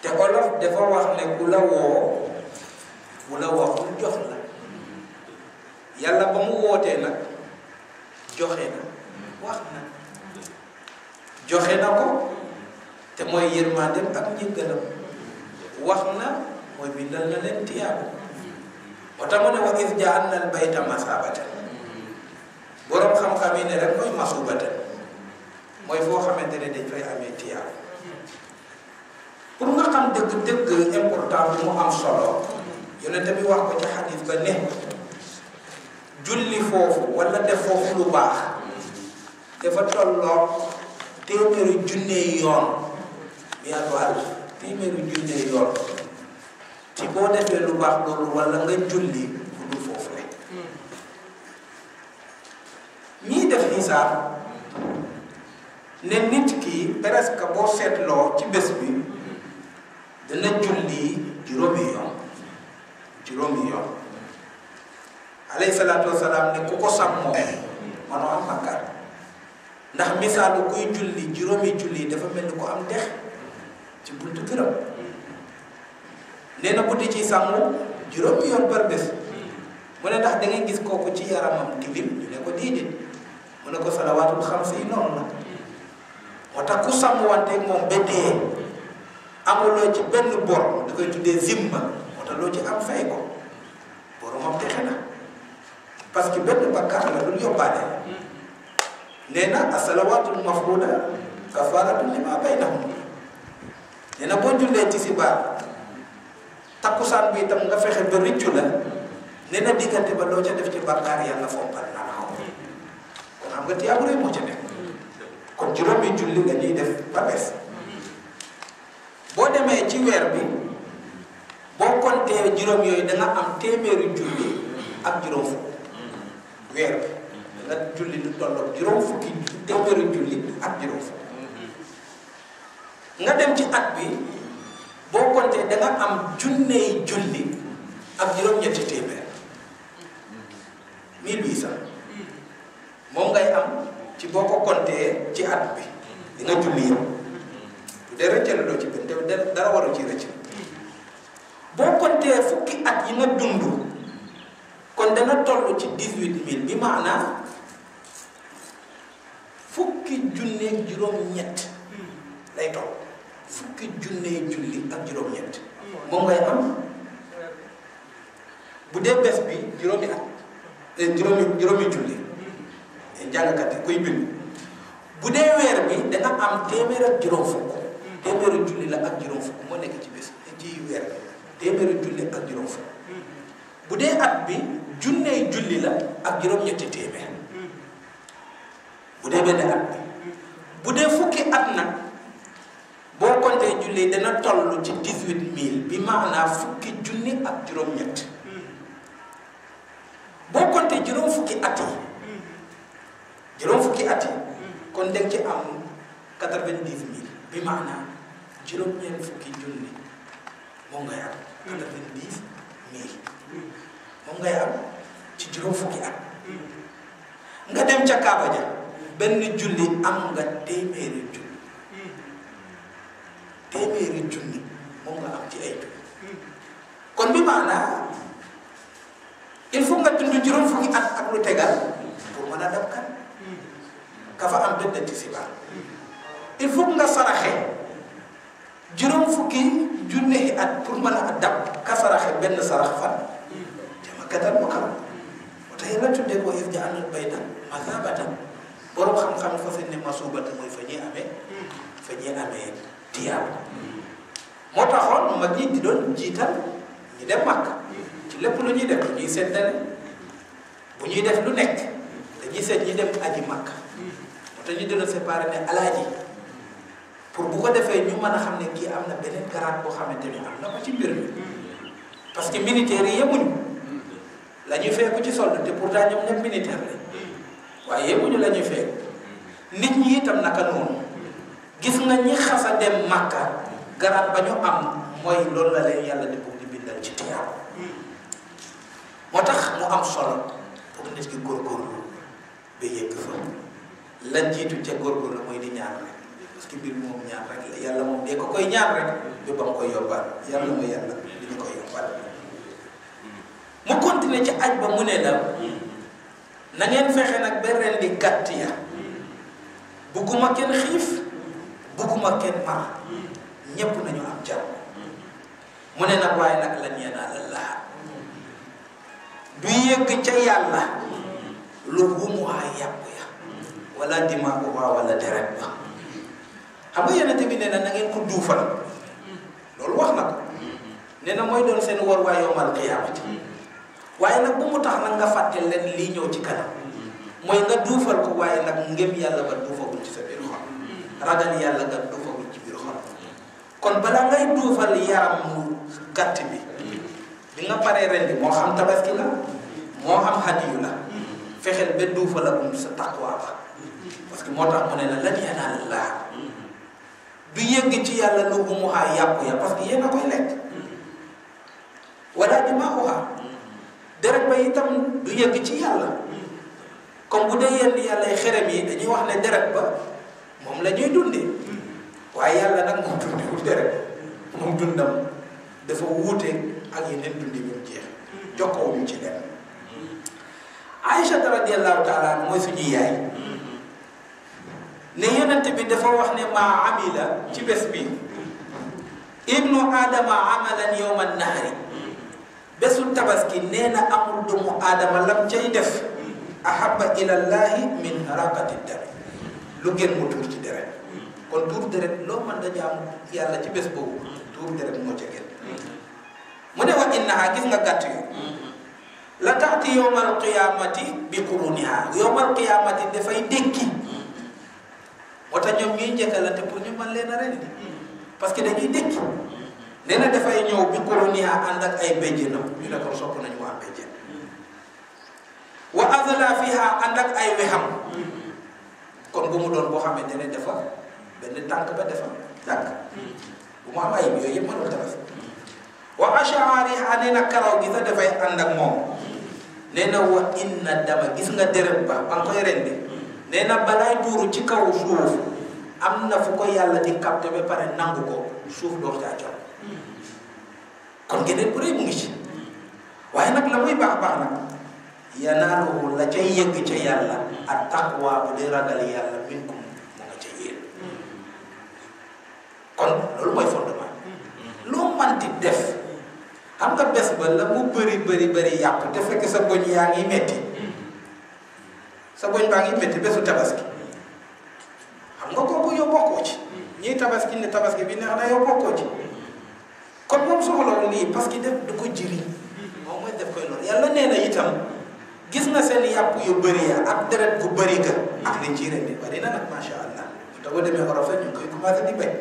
te olof dafa wax ne ku la woo ku la waxul jox la yàlla ba mu wootee nag joxe na wax na joxe na ko te mooy yërmandeem ak njëggalam wax na mooy bindal na leen tiyaabu moo tax mu ne wa iz ja'alna al-bayta masaabatan boroom xam-xam yi ne rek mooy masubatan mooy foo xamante ne dañ fay amee tiyaabu xam dëgg-dëgg important bi mu am solo yonent bi wax ko ci xadis ba ne julli foofu wala def foofu lu baax dafa tolloo téeméeri junne yoon miatuwal téeméeri junne yoon ci boo defee lu baax loolu wala nga julli fu dul foofu ñii def xisaab ne nit ki presque boo seetloo ci bés bi dana julli juróomi yoon juróomi yoon alayhi salaatu wasalaam ne ku ko sàmmoo eh, manoo am bàkkaar ndax misaalu kuy julli juróomi julli dafa mel ni ko am dex ci buntu këram nee na bu di ci sàmmu juróomi yoon par mu ne ndax dangay gis kooku ci yaramam tilim ñu ne ko déedéet mu ne ko salawaatul xamsi noonu la moo tax ku sàmm wante moom ba dee amuloo ci benn bor da koy tuddee zimma moo tax loo ci am fay ko boru moom texe na parce que benn bakkaar la dul yóbbaale nee na asalawaatul mafruda kafaratun lima baynahum nee na boo jullee tisbaar bi itam nga fexe ba rëccu la nee diggante ba loo ca def ci bakkaar yàlla fompal na la ko kon xam nga tiyaabu rek moo ci nekk kon juróomi julli nga ñuy def ba bés boo demee ci weer bi boo kontee juróom yooyu da am téeméeri julli ak juróom fukk weer bi da julli lu tolloog juróom fukki téeméeri julli ak juróom fukk nga dem ci at bi boo kontee am junney julli ak juróom-ñetti téeméer moom ngay am ci boo ko kontee ci at bi di julli te rëccale loo ci benn te dara waru ci rëcc boo comptee fukki at yi nga dund kon dana tollu ci dix-huit mille bi maanaam fukki junneeg juróom-ñett lay toll fukki junneeg julli ak juróom-ñett moom ngay am bu dee bés bi juróomi at eh, juróomi juróomi julli eh, yi koy bind bu dee weer bi danga am téeméer ak juróom fukk téeméeri julli la ak juróom fukk moo nekk ci bis ci weer téeméeri julli ak juróom fukk bu dee at bi junney julli la ak juróom-ñetti téeméer bu dee benn at bi bu dee fukki at nag boo compter julli dana toll ci dix-huit mille bi maanaa fukki junni ak juróom-ñett boo compter juróom fukki at yi juróom fukki at yi kon dégg ci am quatre-vingt-dix bi maanaa juróom-ñeent fukki junni moom ngay am. quatre-vingt-dix mille moom ngay am ci juróom fukki at. nga dem ca Kaaba ja benn julli am nga téeméeri junni téeméeri junni moom nga am ci ay junni kon bi maanaa il faut nga dund juróom fukki at ak lu tegal pour mën a dab kan ka fa am benn tisibaar il faut nga saraxe juróom fukki junne at pour mën a dab ka saraxe benn sarax fa jama katal mu kam moo tax yàlla tuddee ko if ja àndal bayta masabata borom xam-xam fa seen ne mooy fa ñuy amee fa ñuy amee tiyaab moo taxoon mag ñi di doon jiital ñu dem mag ci lépp lu ñuy def ñuy seddale bu ñuy def lu nekk dañuy seet ñi dem aji mag moo tax ñu doon séparé ne alaaji pour bu ko defee ñu mën a xam ne kii am na beneen garaat boo xamante ni am na ci mbir mi parce que militaires yi yemuñu la ñuy fekk ci solde te pourtant ñoom ñëpp militaire la waaye yemuñu la ñuy fekk nit ñi itam naka noonu gis nga ñi xas a dem màkka garaat ba ñu am mooy loolu la leen yàlla di bugg di bindal ci tiyaab moo tax mu am solo pour nit ki góorgóorlu ba yegg fa lan jiitu ca góorgóorlu mooy di ñaan parce que mbir moom ñaan rek la yàlla moom dee ko koy ñaan rek du ba mu koy yàlla mooy yàlla li ñu koy mu continuer ci aj ba mu ne la na ngeen fexe nag ba ren di gàtt ya bugguma kenn xiif bugguma kenn mar ñépp nañu am jàmm mu ne nag waaye nag lan yanaala laa du yëgg ca yàlla lu wumuwaa yàpp ya wala dimaa waa wala deret ba xam nga yonent bi nee na na ngeen ko duufal loolu wax na ko nee na mooy doon seen war waay yowmal qiyaamati waaye nag bu mu tax nag nga fàtte leen li ñëw ci kanam mooy nga duufal ko waaye nag ngëm yàlla ba duufagul ci sa biir xol ragal yàlla nga duufagul ci biir xol kon balaa ngay duufal yaram mu gàtt bi bi nga paree rendi moo xam tabaski la moo xam hadiyu la fexeel ba duufal ak sa taqwa ba parce que moo tax mu ne la lan yanaala du yëgg ci yàlla lu umuhaa yàpp ya parce que yéen a koy lekk wala dimaa'uhaa deret ba itam du yëgg ci yàlla comme bu dee yenn yàlla xerem yi dañuy wax ne deret ba moom la ñuy dundee waaye yàlla nag moom dundiwul deret moom dundam dafa wuute ak yeneen dundi ñu jeex jokkoowuñu ci lenn Aïcha radiyallahu taala mooy suñuy yaay ne yonent bi dafa wax ne maa amila ci bés bi ibnu aadama amalan yowman nahari bésul tabaski nee na amul doomu aadama lam cay def ahaba ilallahi min raqati dami lu gën mu tuur ci deret kon tuur deret loo mën da yàlla ci bés boobu tuur deret moo ca gën mu ne wa innaha gis nga gàtt yu la taati yowmal qiyamati bi quruniha yowmal qiyamati dafay dékki moo tax ñoom ñuy njëkkalante pour ñu mën leen a rendi parce que dañuy dëkk nee na dafay ñëw bi colonia ànd ak ay ñu ne kon sopp wa azala fiha ànd ak ay wexam kon bu mu doon boo xamante ne dafa benn tànk ba dafa tànk bu mu am ay yooyu yëpp mënul tabaski nee na karaw gi sax dafay ànd ak moom nee na wa inna dama gis nga deret ba ba nga koy rendi nee na balaay tuuru ci kaw suuf am na fu ko yàlla di capté ba pare nangu ko suuf door caa jot kon geneen bu rëy mu ngi ci waaye nag la muy baax baax nag yanaaluhu la ca yëgg ca yàlla ak taqwa bu di ragal yàlla minkum mu nga ca yéen kon loolu mooy fondement loo manti def xam nga bés ba la mu bëri bari bëri yàpp te fekk sa bëñ yaa ngi metti sa boñ baa ngi métti bésu tabaski xam nga kooku yow bokkoo ci ñiy tabaski ne tabaski bi neex na yow bokkoo ci kon moom soxlawul lii parce que def du ko jëriñ moom mooy def koy loolu yàlla nee na itam gis na seen yàpp yu bëri ya ak deret gu bëri ga ak liñ ciy rendi bari na nag macha allah te boo demee Europe ñu ngi koy commencé di béy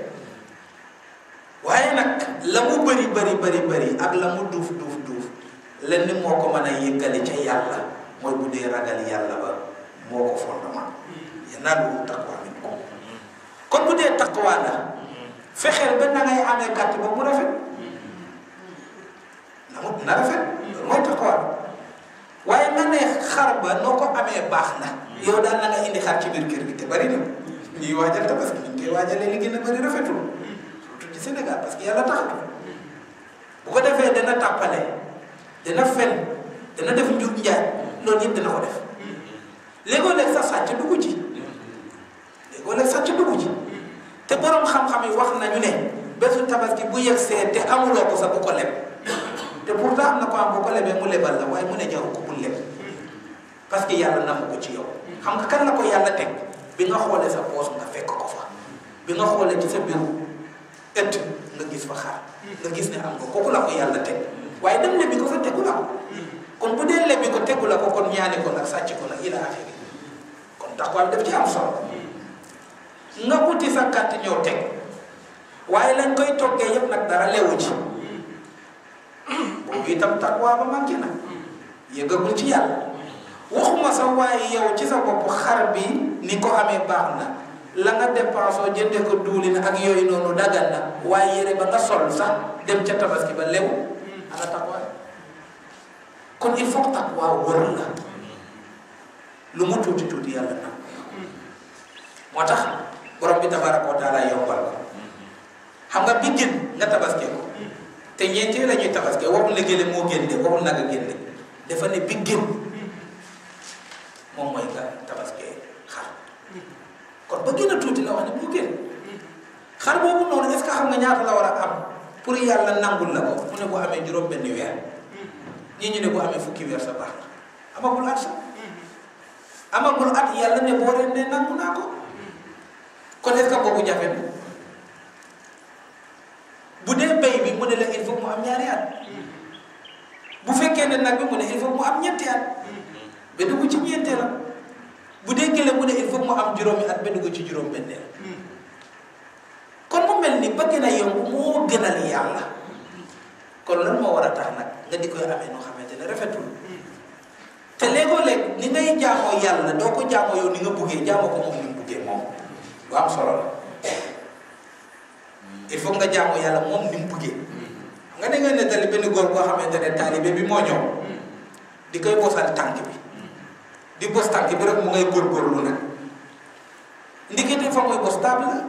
waaye nag la mu bëri bëri bëri bëri ak la mu duuf duuf duuf lenn moo ko mën a yëkkali ca yàlla mooy bu dee ragal moo ko fondement yanaaluhu taqwa minkum kon bu dee taqwa la fexeel ba na ngay amee gàtt ba mu rafet na mu na rafet loolu mooy taqwa waaye nga ne xar ba noo ko amee baax na yow daal na nga indi xar ci biir kër gi te bari na ñuy waajal tabaski ñu ngi koy waajalee li gën a bari rafetul surtout ci Sénégal parce que yàlla taxatu bu ko defee dana tàppale dana fen dana def njur njaay loolu yëpp dana ko def léegoo-léeg sa sàcc duggu ci léegoo-léeg sàcc dugg ci te borom xam-xam yi wax nañu ne bésu tabaski bu yegsee te amuloo ko sax bu ko lem te pourtant am na ko am bu ko lebee mu lebal la waaye mu ne jaru ko pour leb parce que yàlla namm ko ci yow xam nga kan la ko yàlla teg bi nga xoolee sa poos nga fekk ko fa bi nga xoolee ci sa biru ëtt nga gis fa xaar nga gis ne am nga kooku la ko yàlla teg waaye dem bi ko sa tegu la ko kon bu dee bi ko tegu la ko kon ñaani ko nag sàcc ko nag ila affaire taxawaay bi daf ci am solo nga wuti sa carte ñëw teg waaye lañ koy toggee yëpp nag dara lewu ci boobu itam taxawaay ba manqué na yëgagul ci yàlla waxuma sa waaye yow ci sa bopp xar bi ni ko amee baax na la nga dépensoo jënde ko duulin ak yooyu noonu dagal na waaye yére ba nga sol sax dem ca gi ba lewu ana taxawaay kon il faut taxawaay wër la lu mu tuuti tuuti yàlla na moo tax borom bi tabaaraka wa taala yombal ko xam nga bi gën nga tabaskee ko te ñeentee la ñuy tabaskee waxul la génne moo de waxul nag a génne dafa ne bi gën moom mooy nga tabaskee xar kon ba gën tuuti la wax ne bu gën xar boobu noonu est-ce xam nga ñaata la war a am pour yàlla nangul la ko mu ne bu amee juróom benn weer ñii ñu ne bu amee fukki weer sa baax amagul at sax ama qur'an yalla ne bo ren ne nanguna ko kon est ce que bobu jafé na bu dé bay bi mu ne la il faut mu am ñaari at bu fekkee ne nag bi mu ne il faut mu am ñetti at ba dugg ci ñeentee la bu dee gële mu ne il faut mu am juróomi at ba dugg ci juróom bennee kon mu mel ni ba gën a gënal kon lan tax nga di koy rafetul te léegoo-léeg ni ngay jaamoo yàlla doo ko jaamoo yow ni nga buggee jaamoo ko moom ni mu buggee moom lu am solo la il faut nga jaamoo yàlla moom ni mu buggee nga ne nga nettali benn góor boo xamante ne taalibe bi moo ñëw di koy bosal tànk bi di bos tànk bi rek mu ngay góorgóorlu nag ndikete fa muy bos stable la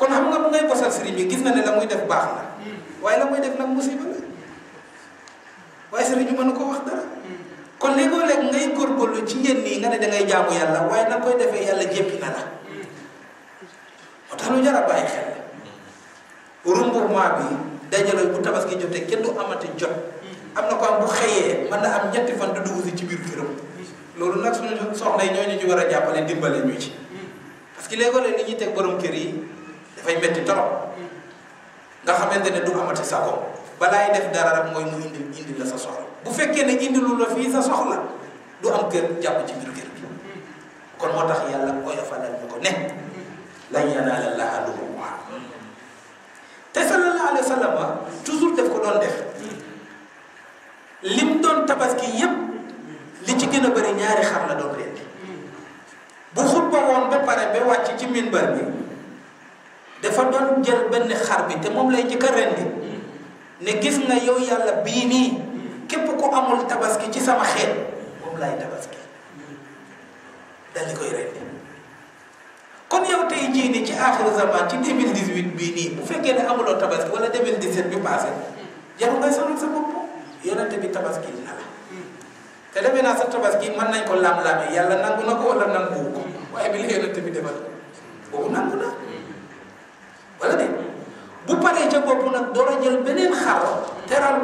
kon xam nga mu ngay bosal sëriñ bi gis na ne la muy def baax na hmm. waaye la muy def nag musiba waaye sëriñ bi mënu ko wax dara kon léegoo-léeg ngay góorgóorlu ci yenn yi nga ne dangay jaamu yàlla waaye na koy defee yàlla jéppi na la moo tax lu jar a bàyyi xel remouvement bi dajale bu tabaski jotee kenn du amati jot am na ko am bu xëyee mën na am ñetti fan du dugg ci biir loolu nag suñu soxna yi ñooñu ñu war a jàppale dimbale ñu ci parce que léegoo-léeg li ñuy teg borom kër yi dafay metti torop nga xamante ne du amati sa ko balaay def dara rek mooy mu indi la sa soxla bu fekkee ne indilu la fii sa soxla du am kër jàpp ci biir kon moo tax yàlla oyofalal ñu ko ne lan yanaala llaaha def ko doon def lim doon tabaski yépp ci gën a bëri ñaari xar la doon rendi bu xutba woon ba pare ba wàcc ci minbar bi dafa doon jël benn xar bi te moom lay jëkk a rendi ne gis nga yow yàlla bii nii ko ku amul tabaski ci sama xeet moom laay tabaski dal di koy rendi kon yow tey jii nii ci aaxiru zaman ci 2018 bii nii bu fekkee ne amuloo tabaski wala 2017 bi passé jarul ngay sonal sa bopp yonente bi tabaski na la te demee naa sa tabaski mën nañ ko lam-lame yàlla nangu na ko wala nangu ko waaye bi la yonente bi defal boobu nangu na wala de bu paree ca bopp nag door a jël beneen xar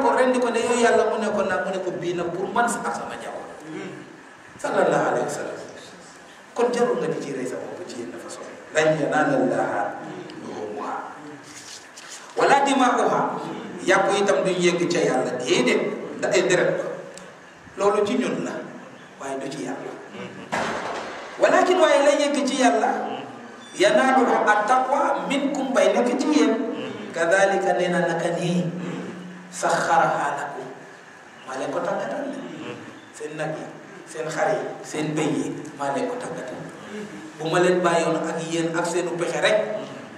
ko rendi ko ne yow yàlla mu ne ko nag mu ko bii na pour man sa ak sama jaww sallallahu alayhi wa kon jarul nga di ci rey sa bopp ci yenn façon lañ yanaala llaaha luhumuha wala dimaa'uha yàpp itam duñ ca yàlla déedéet da ay loolu ci ñun la waaye du ci yàlla walakin waaye la yegg ci yàlla yanaaluha at taqwa minkum bay nekk ci yéen kadhalika nee na naka nii saxarahaa lakum maa leen ko tàggatal seen nag yi seen xar yi seen bëy yi maa leen ko tàggatal bu ma leen bàyyi bàyyoon ak yéen ak seenu pexe rek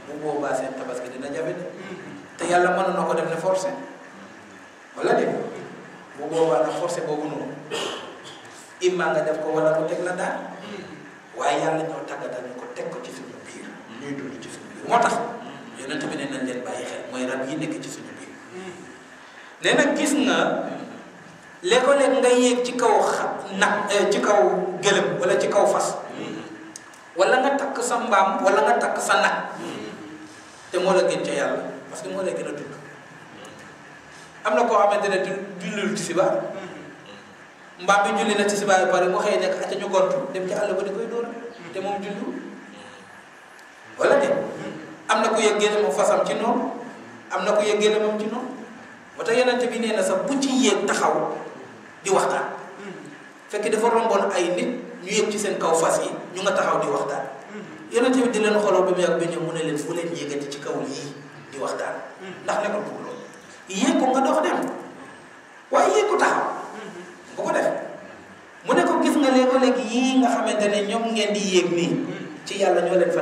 bu boobaa seen tabaski dina jafe de te yàlla mënoon na ko def ne forcé wala de bu boobaa nag forcé boobu noonu imma nga def ko wala mu teg la daal waaye yàlla ñoo tàggatal ñu ko teg ko ci suñu biir ñuy dund ci suñu biir moo tax. yonent bi ne nañ leen bàyyi xel mooy rab yi nekk ci suñu biir hmm. nee na gis nga nga yéeg ci kaw eh, ci kaw wala ci kaw fas hmm. wala nga takk sa mbaam wala nga takk sa nag hmm. te moo la gën ca yàlla parce que moo lay gën a dund am na koo xamante ne jullul ci mbaam bi julli na ci pare mu xëy nekk acca ñu gontu dem ci àll ba di koy dóor te moom wala dem am na ko yëggee ne moom fasam ci noonu am na ku yëggee ne moom ci noonu ba tax bi nee na sax bu ci yéeg taxaw di waxtaan fekk dafa romboon ay nit ñu yëg ci seen kaw fas yi ñu nga taxaw di waxtaan yonent bi di leen xooloo ba mu yàgg ba ñëw mu ne leen bu leen yéegati ci kaw lii di waxtaan ndax ne ko bugg loolu yéeg ko nga dox dem waaye yéeg ko taxaw bu ko def mu ne ko gis nga léegoo léegi yii nga xamante ne ñoom ngeen di yéeg nii ci yàlla ñoo leen fa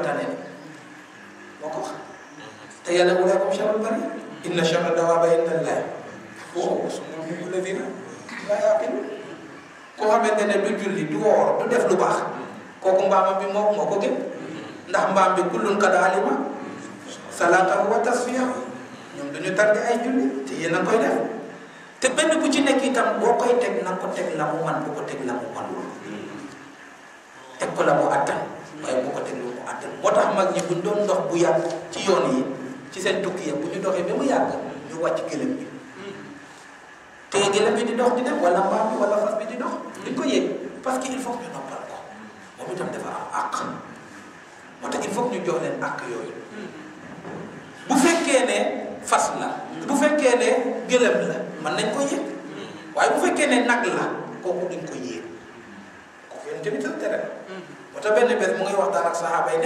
te yàlla mu ne comme charol bari inna charra dawaaba inda llah waaw suñu la dina laa yaqilu koo xamante ne du julli du woor du def lu baax kooku mbaamam bi moo moo ko gën ndax mbaam bi kullun qad alima salaatahu wa tasfiyahu ñoom duñu tardé ay julli te yéen a koy def te benn bu ci nekk itam boo koy teg na ko teg la mu man bu ko teg la mu manul teg ko la mu attan waaye bu ko moo tax mag ñi buñ doon ndox bu yàgg ci yoon yi ci seen tukki ya bu ñu doxee ba mu yàgg ñu wàcc gëlëm bi te gëlëm bi di dox di dem wala mbaam bi wala fas bi di dox di ko yëg parce que il faut ñu noppal ko moom itam dafa am àq moo tax il faut ñu jox leen àq yooyu bu fekkee ne fas la bu fekkee ne gëlëm la mën nañ ko yëg waaye bu fekkee ne nag la kooku duñ ko yëg kooku yéen tamit tere moo tax benn bés mu ngi waxtaan ak saxaaba yi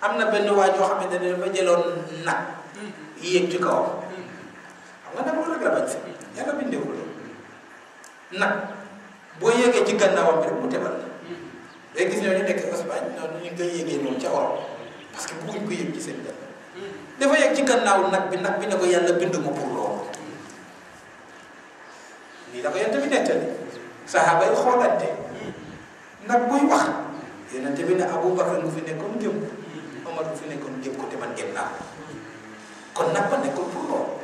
am na benn waa joo xamante ne dafa jëloon nag yéeg ci kaw xam nga nag loolu rek la bañ si yàlla bindee ko nag boo yéegee ci gannaawam bi rek mu tebal la day gis ñu ngi koy yéegee noonu ca Europe parce que bëgguñ ko yëg ci seen gan dafa yéeg ci gannaaw nag bi nag bi ne ko yàlla bind ma pour loolu lii da ko yéen tamit nettali saxaaba yi xoolante nag buy wax yéen a tamit ne Aboubacar nga fi nekkoon jëm. Omar bu fi nekkoon jéem ko te man jéem naa kon nag ma nekkul pour loolu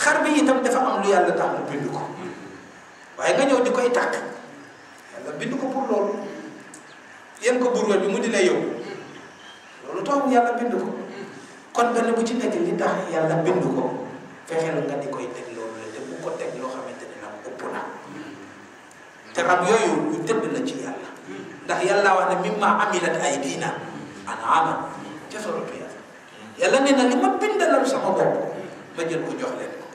xar bi itam dafa am lu yàlla tax mu bind ko waaye nga ñëw di koy tàkk yàlla bind ko pour loolu yéen ko buur bi mu di la yow loolu taxul yàlla bind ko kon benn bu ci nekk li tax yàlla bind ko fexeel nga di koy teg loolu la te bu ko teg loo xamante ne nag ëpp na te rab yooyu tëdd la ci yàlla ndax yàlla wax ne mimma amilat ay alama ca solo tuyaat yàlla nee na li ma bindalal sama bopp ma jël ko jox leen ko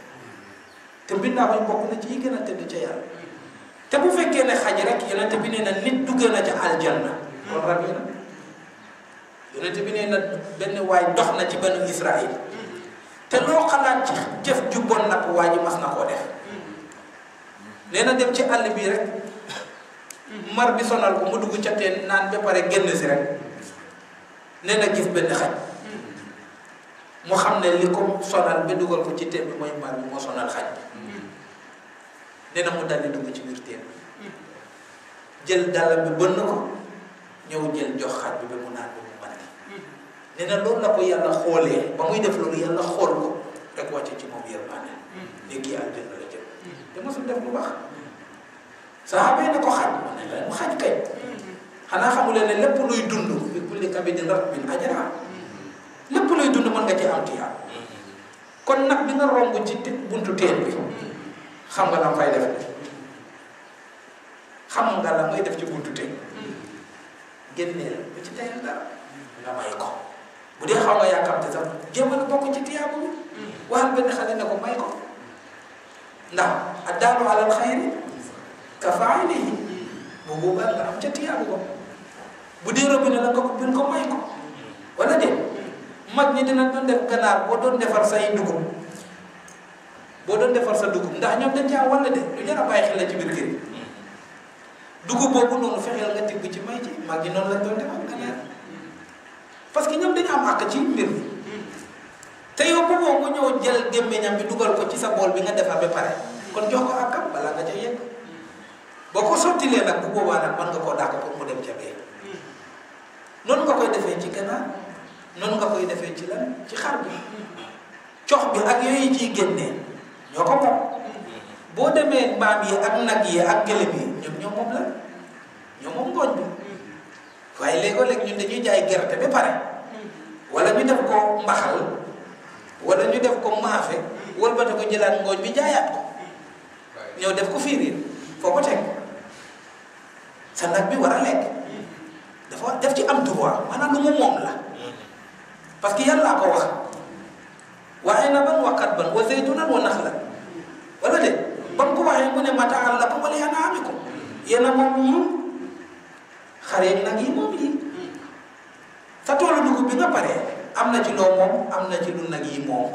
te mbindaa koy bokk na ci yi gën a tëdd ca yàlla te bu fekkee ne xaj rek yonente bi nee na nit dugg na ca aljanna kon rab yi nag benn waay dox na ci banu Israil te loo xalaat ci jëf ju bon nag waa ji mas na koo def nee na dem ci àll bi rek mar bi sonal ko mu dugg ca teen naan ba pare génn si rek nee na gis benn xaj mu xam ne li ko sonal ba dugal ko ci teen bi mooy mbaal bi moo sonal xaj bi nee mu daldi dugg ci biir teen jël dàllam bi bënn ko ñëw jël jox xaj bi ba mu naan ba mu mandi nee na loolu la ko yàlla xoolee ba muy def loolu yàlla xool ko rek wàcce ci moom yërmande ne kii àjjana la jëm te mosul def lu baax saxaaba yi ko xaj mu ne la mu xaj kay xanaa xamuleen ne lépp luy dund li kulli kabidin ratbin ajra lépp luy nga ci am tiyaab nag bi buntu teen bi xam nga la fay def xam nga la def ci buntu teen génneel bu ci tayal dara nga may ko bu dee xaw nga yàkkamte sax jéem a bokk ci tiyaabu wax waxal benn xale ne ko may ko ndax addaalu alal xayri ka faalihi bu boobaa nga am ca tiyaabu ko bu dee robinet la nga ubbil ko may ko wala de mag ñi dina doon def ganaar boo doon defar say dugub boo doon defar sa dugub ndax ñoom dañ caa wala de lu jar a bàyyi xel la ci biir kër dugub boobu noonu fexeel nga tibb ci may ci mag ñi noonu lañ doon defar ganaar parce que ñoom dañu am àq ci mbir te yow bu boobu ñëw jël bi dugal ko ci sa bool bi nga defar ba pare kon jox ko àqam balaa nga ca yegg boo ko sottilee nag bu boobaa nag mën nga koo dàq pour mu dem ca bee noonu nga koy defee ci ganaar noonu nga koy defee ci la ci xar bi cox bi ak yooyu ciy génnee ñoo ko moom boo demee mbaam yi ak nag yi ak gëlëm yi ñoom ñoo moom la ñoo moom ngooñ bi waaye léegoo-léeg ñun dañuy jaay gerte ba pare wala ñu def ko mbaxal wala ñu def ko maafe wëlbati ko jëlaat ngooñ bi jaayaat ko ñëw def ko fiiriir foo ko teg sa nag bi war a lekk dafa def ci am du droit maanaam lu mu moom la parce que yàlla ko wax waaye na ban waqat ban wa zaytunan wa naxlan wala de ba mu ko waxee mu ne mataan la ko wala yàlla ami ko yéen a moom moom xaree nag yi moom sa toolu dugub bi nga pare am na ci loo moom am na ci lu nag yi moom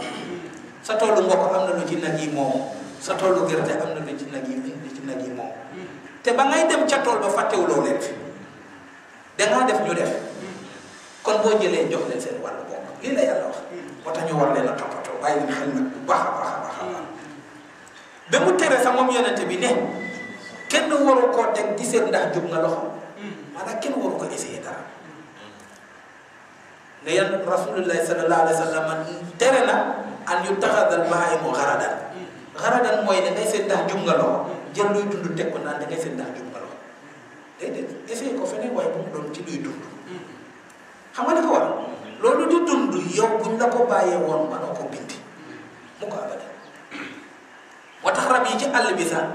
sa toolu mboq am na lu ci nag yi moom sa toolu gerte am na lu ci nag yi moom te ba ngay dem ca tool ba fàttewuloo leen fi dangaa def ñu def kon boo jëlee jox leen seen wàllu bopp lii la yàlla wax moo ñu war leen a toppatoo bàyyi leen bu baax baax a baax a baax ba mu tere sax moom yonente bi ne kenn waru koo teg di seet ndax jub nga loxo maanaam kenn waru ko essayé dara ne yan rasulullahi sallallahu alayhi tere na an yu taxadal baayimo xaradan xaradan mooy da ngay seet ndax jub nga loxo jël luy dund teg ko naan da ngay ndax jub nga déedéet essayé ko feneen waaye bu mu doon ci luy dund. xam nga li ko war loolu di dund yow buñ ko bàyyee woon mënoo ko bind mu ko abada moo tax rab yi ci àll bi sax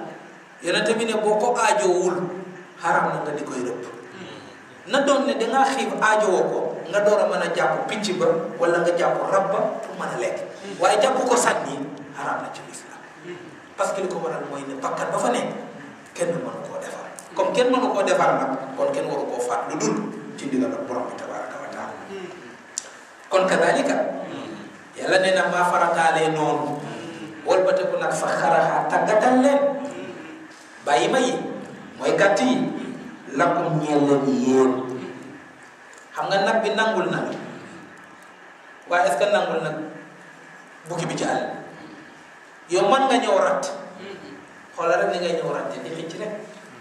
yonent bi ne boo ko aajowul xaram na nga di koy rëbb na doon ne dangaa xiif aajowoo ko nga door a mën a jàpp picc ba wala nga jàpp rab ba pour mën a lekk waaye jàpp ko sànni xaram na ci lislaam parce que li ko waral mooy ne bakkan ba fa ne kenn mënu koo defar comme kenn mënu koo defar nag kon kenn waru koo faat lu dul ci ndigal ak borom bi tabaraka wa taala kon kadalika yàlla nee na maa farataalee noonu walbatiku nag fa xaraxaa tàggatal leen bàyyi ma yi mooy gàtt yi lakum ñeel leen yéen xam nga nag bi nangul na waaye est-ce nangul nag bukki bi ci àll yow man nga ñëw rat xoolal rek ni ngay ñëw rat te di xëcc rek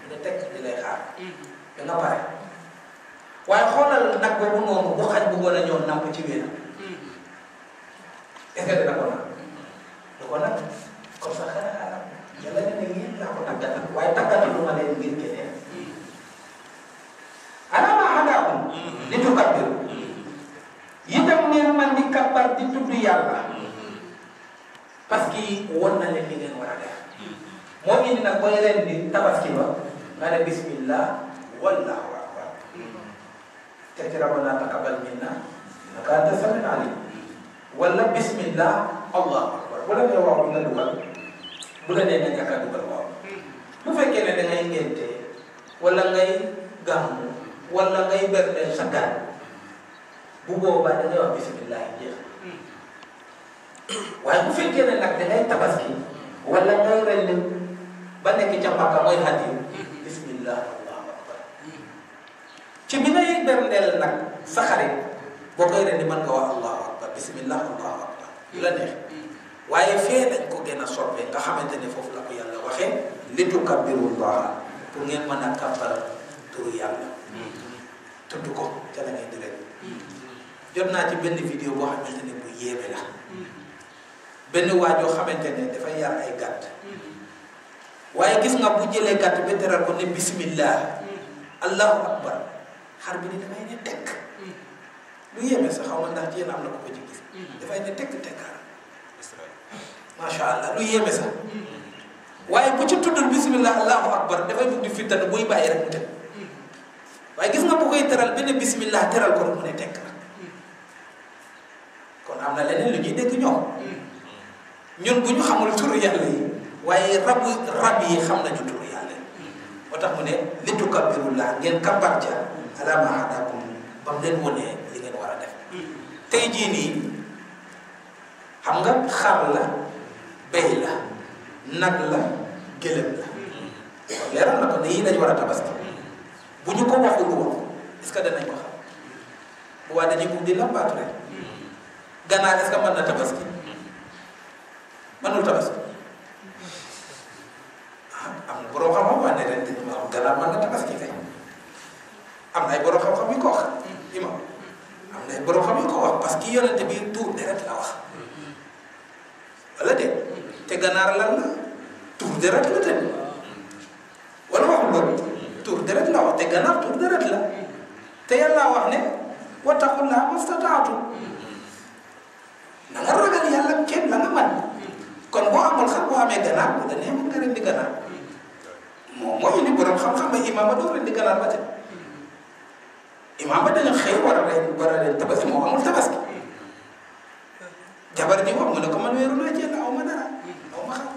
ne tekk mm-hmm. kan mm-hmm. eh, mm-hmm. di lay xaar da nga pare waaye xoolal nag boobu noonu bu xaj bëggoon a ñëw namp ci wéena est ce que nag du ko nag comme ça xanaa xaaral yàlla ne ne ngeen laa ko waaye lu ma leen ngir keneen di tukabbir itam ngeen man di kabbar di tudd yàlla parce que won na leen li ngeen war a def moo nag leen di tabaski ba nga ne bismillah wallahu akbar te ci rabbana taqabbal minna innaka anta samiul alim wala bismillah allahu akbar bu la nee waaw nga dugal bu la na ñàkk a dugal waaw bu fekkee ne da ngay ngénte wala ngay gàmmu wala ngay bernde sa gan bu boobaa bismillah jeex waaye bu fekkee ne nag ngay tabaski wala ngay rend ba nekk ca Makka mooy hadiyu alhamdulillah allahu akbar ci bi ngay berndeel nag sa xarit boo koy rendi mën nga wax allahu akbar bismillah allahu akbar yu la neex waaye fee dañ ko gën a soppee nga xamante ne foofu la ko yàlla waxee li tukabbiru llaha pour ngeen mën a kàbbal turu yàlla tudd ko ca la ngay direct jot naa ci benn vidéo boo xamante ne bu yéeme la benn waajoo xamante ne dafay yar ay gàtt waaye gis nga bu jëlee gàtt bi teral ko ne bismillah allahu akbar xar bi ni dafay ne tekk lu yéeme sax xaw ma ndax jéem am na ko ko ci gis dafay ne tekk tekkaar macha allah lu yéeme sax waaye bu ci tuddul bismillah allahu akbar dafay bugg di fittan buy bàyyi rek mu teg waaye gis nga bu koy teral bi ne bismillah teral ko rek mu ne tekk na kon am na leneen lu ñuy dégg ñoom ñun bu ñu xamul turu yàlla yi waaye rabu rab yi xam nañu tur yàlla moo tax mu ne li tukabbirullaah ngeen kàmbar ca alaa maa hadaakum ba mu leen wone li ngeen war a def tey jii nii xam nga xar la béy la nag la gëlëm la kon leeral ko ne yii lañ war a tabaski bu ñu ko waxul woon est-ce que danañ ko xam bu waa dañuy bugg di lambaatu rek ganaar est-ce na tabaski mënul tabaski ganaar mën na tabaski tey am na ay borom xam-xam yu ko wax imam am na ay borom xam yu ko wax parce que yonente bi tuur deret la wax wala de te ganaar lan la tuur deret la te wala wax te ganaar tuur deret la te yàlla wax ne wattaqullaaha mastata'tum na nga ragal yàlla kenn la man kon boo amul xam boo amee ganaar bu da neex nga rendi ganaar moo mooy indi borom xam-xam ba imaam ba doog leen di ganaar ba tey imaam ba dana xëy war a leen war a leen moo amul tabaski jabar ji wax mu ne ko man weeru naa jéem aw ma dara aw ma xam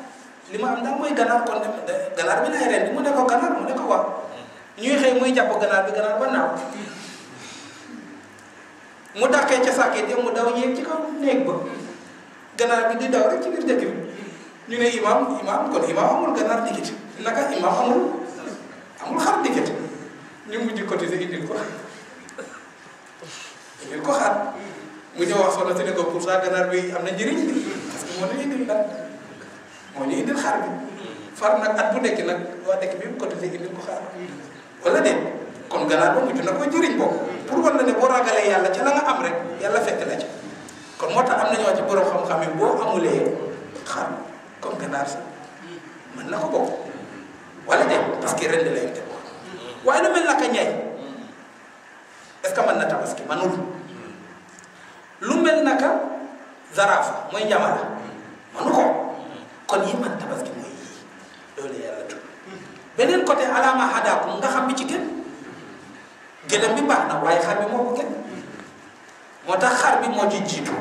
li ma am daal mooy ganaar kon ganaar bi lay ren mu ne ko ganaar mu ne ko waaw ñuy xëy muy jàpp ganaar bi ganaar ba naaw mu dàqee ca sàkket dem mu daw yéeg ci kaw néeg ba ganaar bi di daw rek ci biir dëkk bi ñu ne imaam imaam kon imaam amul ganaar liggéey naka imam amul amul xar diggante ñu mujj cotiser indil ko indil ko xar mu ñëw wax soxna si ne pour ça ganaar bi am na njëriñ bi parce que moo ñu indil dara moo ñu indil xar bi far nag at bu nekk nag waa dekk bi mu cotiser indil ko xar wala de kon ganaar ba mujj na ko njëriñ boobu pour war na ne boo ragalee yàlla ca la nga am rek yàlla fekk la ca kon moo tax am na wax ci borom xam-xam yi boo amulee xar comme ganaar si mën na ko bokk wala de parce que ren de la ñu dem waaye lu mel naka ñay est-ce que mën na tabaski manul lu mel naka zaraafa mooy jamara manu ko kon yi man tabaski mooy yii loolu yàlla tudd beneen côté alaama hadaakum nga xam bi ci gën gëlëm bi baax na waaye xar bi moo ko gën moo tax xar bi moo ci jiitu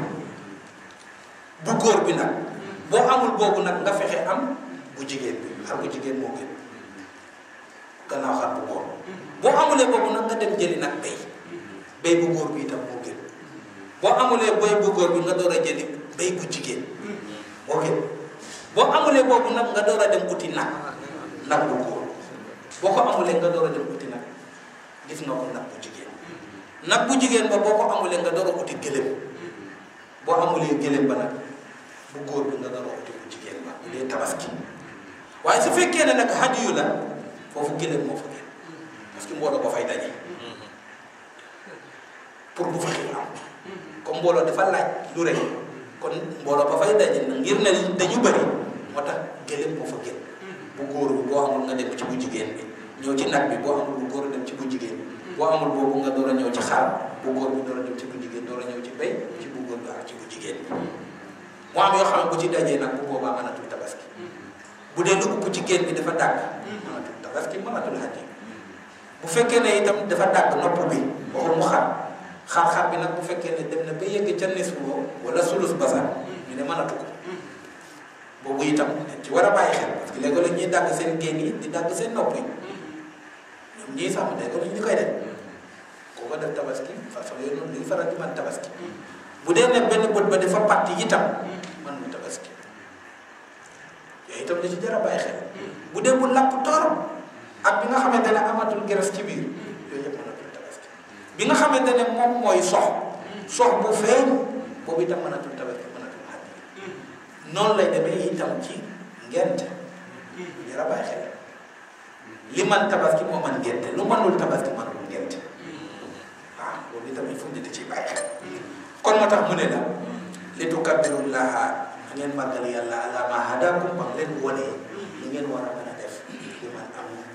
bu góor bi nag boo amul boobu nag nga fexe am bu jigéen bi xar bu jigéen moo gën gannaaw xar bu góor boo amulee boobu nag nga dem jëli nag béy béy bu góor bi itam moo gën boo amulee béy bu góor bi nga door a jëli béy bu jigéen moo boo amulee boobu nag nga door a dem uti nag nag bu góor boo ko amulee door a dem uti gis nga ko nag bu jigéen nag bu jigéen ba boo ko amulee nga door a uti gëlëm boo amulee gëlëm ba nag bu góor bi nga door a uti bu jigéen ba bu dee tabaski waaye su fekkee ne nag hadiyu la foofu gëléem moo fa gën parce que mbooloo ba fay daje pour bu fa xew am comme mbooloo dafa laaj lu rek kon mbooloo ba fay daje ngir ne dañu bëri moo tax gëléem moo fa gën bu góor bi boo amul ci bu jigéen bi ñëw ci nag bi boo amul góor dem ci bu jigéen bi boo amul boobu door a ñëw ci xaar bu góor a dem jigéen door a ñëw ci béy ci bu góor bi ak ci bu jigéen bi moo am yoo xam ne bu ci dajee nag bu boobaa mënatul tabaski bu dee dugub ci jigéen bi dafa dàgg parce que mënatul xaj bu fekkee ne itam dafa dàgg nopp bi waxu mu xar xar-xar bi nag bu fekkee ne dem na ba yegg ca nisfu wala sulus basar ñu ne mënatu ko boobu itam dañ ci war a bàyyi xel parce que la ñuy dàgg seen génn yi di dàgg seen nopp yi ñoom ñii sàmm léegi la ñu koy def ku ko def tabaski façon yooyu noonu dañuy faral di mën tabaski bu dee ne benn bët ba dafa parti itam mën mu tabaski yooyu itam da ci jar a bàyyi xel bu dee bu làpp toor ak bi nga xamante ne amatul gres ci biir yooyu yëpp mën a tabaski bi nga xamante ne moom mooy sox sox bu feeñ boobu itam mënatul tabaski noonu lay demee itam ci ngente ñu la bàyyi xel li man tabaski moo man lu manul tabaski manul ngente waaw boobu itam il faut nit ci bàyyi kon moo tax mu ne la li tukabbiru llaha ngeen màggal yàlla ala ma hadakum ba ngeen wane li ngeen war a mën a def li man am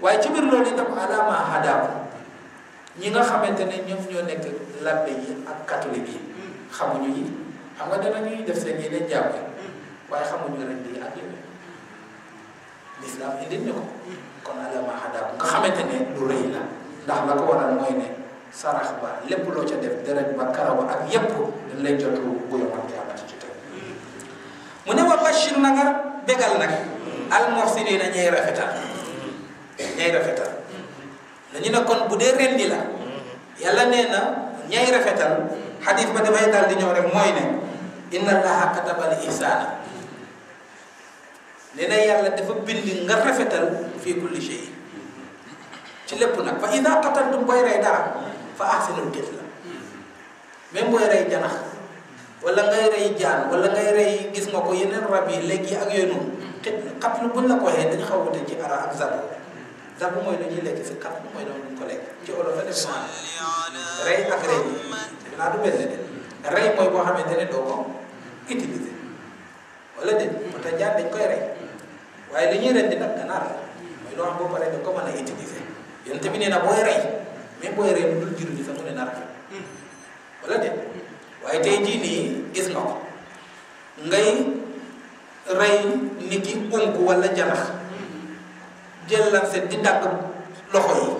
waaye ci biir loolu itam alama hadaam ñi nga xamante ne ñoom ñoo nekk labbe yi ak catholique yi xamuñu yi xam nga dana ñuy def seen yeneen jàpp waaye xamuñu rek lii ak lislaam indil ñu ko kon alama hadaam nga xamante ne lu rëy la ndax la ko waral mooy ne sarax ba lépp loo ca def deret ba karawa ak yépp dañ lay jotu bu yomal qiyaamati ci tey mu ne wa bashir na nga bégal nag al muhsiniina ñay rafetal ñay rafetal dañu ne kon bu dee nii la yàlla nee na ñay rafetal xadis ba dafay daal di ñëw rek mooy ne inna allaha katabal ihsaana nee na yàlla dafa bind nga rafetal fii kulli shay ci lépp nag fa ida qataltum booy rey dara fa ahsinul qitla même booy rey janax wala ngay rey jaan wala ngay rey gis nga ko yeneen rab yi léegi ak yooyu noonu xit xat lu buñ la ko waxee dañu xaw wute ci ara ak zabo dabu mooy lu ñuy lekk si kàpp mooy doon luñ ko lekk ci olof a def soin rey ak rey bi naa du benn de rey mooy boo xamante ne doo ko utiliser wala de moo tax jaan dañ koy rey waaye li ñuy rendi nag ganaar la mooy loo xam boo paree ko mën a utiliser yonent bi na booy rey même booy rey lu dul jiru ji sax mu ne na rafet wala de waaye tey jii nii gis nga ko ngay rey nit ki unk wala janax jël lancet di dagg loxo yi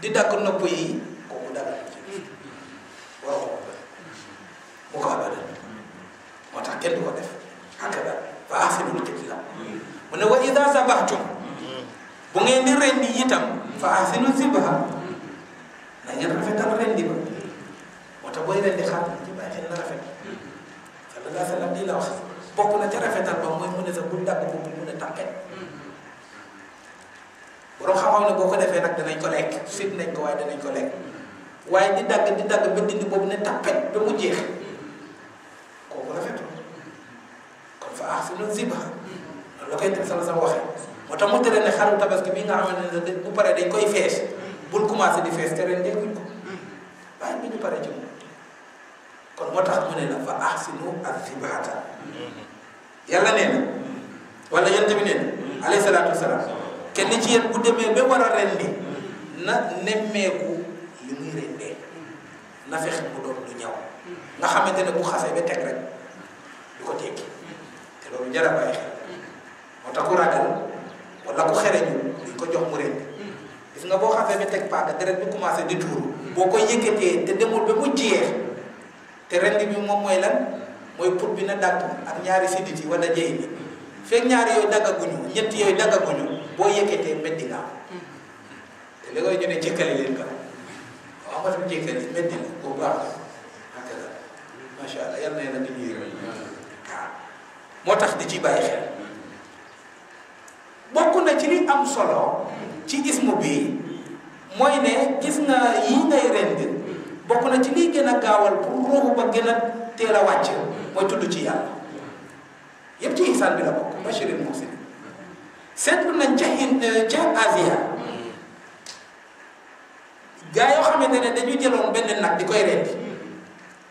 di dagg nopp yi kooku dara waaw bu ko abada moo tax kenn du ko def akada fa ahsinul la mu ne wa ida sabahtum bu ngeen di rendi itam fa ahsinu zibaha na ngeen rafetal rendi ba moo tax booy rendi xaar ci bàyyi xel na rafet sallallahu alayhi wa sallam lii la wax bokk na ca rafetal ba mooy mu ne sa bul dagg bu mu ne tàmpet borom xam-xam ne boo ko defee nag danañ ko lekk fit nañ ko waaye danañ ko lekk waaye di dagg di dagg ba dindi boobu ne tappet ba mu jeex kooku rafetul kon fa ahsinu zibha loolu la koy def sama sama moo tax mu tere ne xaru tabaski bi nga xamante bu paree dañ koy fees bul commencé di fees te ren dégguñ ko waaye bi kon moo tax mu ne la fa ahsinu az-zibhata yàlla nee na wala yonent bi nee na alayhi salaatu wasalaam kenn ci yéen bu demee ba war a rendi na nemmeeku li muy rendee na fexe mu doon lu ñaw nga xamante ne bu xasee ba teg rek du ko tekki te loolu jar ku ragal wala ku ko jox mu rendi gis nga boo xasee ba teg paaka deret commencé di tuuru boo ko yëkkatee te demul ba mu jeex te rendi bi moom mooy lan mooy put bi na dàgg ak ñaari sidit yi wala jey bi fekk ñaari yooyu daggaguñu ñett yooyu daggaguñu boo yëkkatee métti la te li koy ñu ne jékkali leen ka waaw ma tam jékkali métti la bu baax moo tax di ci bàyyi xel bokk na ci li am solo ci gis ismu bi mooy ne gis nga yi ngay rend bokk na ci liy gën a gaawal pour ruuxu ba gën a teel wàcc mooy tudd ci yàlla yëpp ci ihsaan bi la bokk bashirin muhsin seetlu nañ ca Hind euh, ca Asia gaa yoo xamante ne dañu jëloon benn nag di koy rendi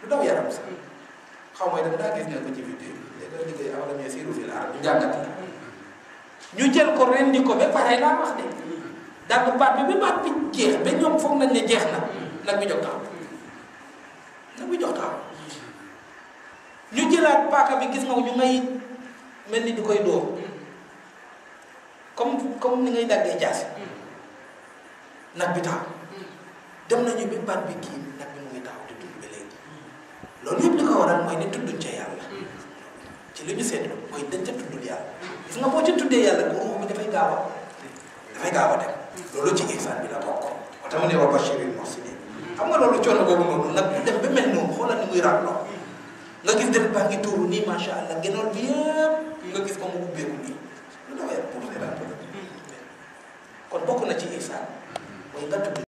lu daw yaram sax xaw ma dama daa gis ne ko ci vidéo bi léegi jël ko rendi ko ba pare laa wax de daal baat bi ba baat bi jeex ba ñoom foog nañ ne jeex na nag bi jox taxaw nag bi jox taxaw ñu jëlaat paaka bi gis nga ñu ngay mel ni di koy dóor comme ni ngay daggee jaasi mm. nag bi taxaw mm. dem nañu bi baat bi kii nag bi mu ngi taxaw dund ba léegi loolu yëpp waral mooy ne tudduñ ca yàlla mm. ci li ñu seetlu dañ ca tuddul yàlla gis nga boo ci tuddee yàlla ko ruux bi dafay gaaw a dafay gaaw dem loolu ci ihsaan bi la bokk moo wa xam nga dem mel ni muy nga gis dem allah gënoon bi yëpp nga gis ko mu ubbeeku nii pour kon bokk na ci ihsaan mooy nga tudd